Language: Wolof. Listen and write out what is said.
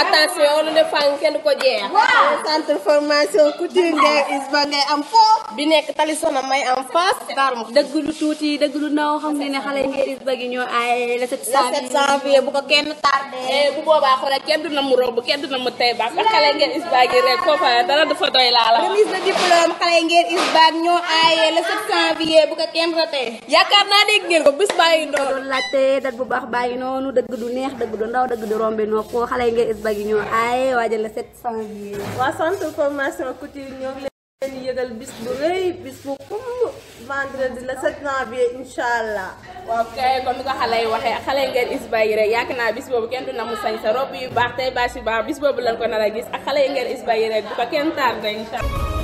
attention lu ne fang kenn ko jeex. centre formation couture Nder ISBA ngay am foofu. bi nekk tali sona may am face. dëgg lu tuuti dëgg lu ndaw xam ne ne xale Nder ISBA gi ñoo ay le 7 janvier bu ko kenn tardé. Eh, na mu romb kenn du na mu tey baax. xale Nder ISBA gi rek foofa dara dafa doy laa la. remise de diplôme xale Nder ISBA ñoo ay le 7 janvier eh, bu ko kenn raté. yaakaar naa dégg ngeen ko bis baa ngi doon. doon laajte dat bu baax baa ngi noonu dëgg du neex dëgg du ndaw dëgg du rombe noo xale Nder ISBA bag yi ñoo aaye waajal la sept cent bi waa centre formation couture ñoo ngi leen yëgal bis bu rëy bis bu xumb vendredi le sept janvier incha allah waaw kon ni ko xale yi waxee xale yi ngeen inspiré rek yaakaar naa bis boobu kenn du na sañ sa robe yu baax tey bâche yu baax bis boobu lañ ko nar gis ak xale yi ngeen inspiré rek bu ko kenn tardé incha allah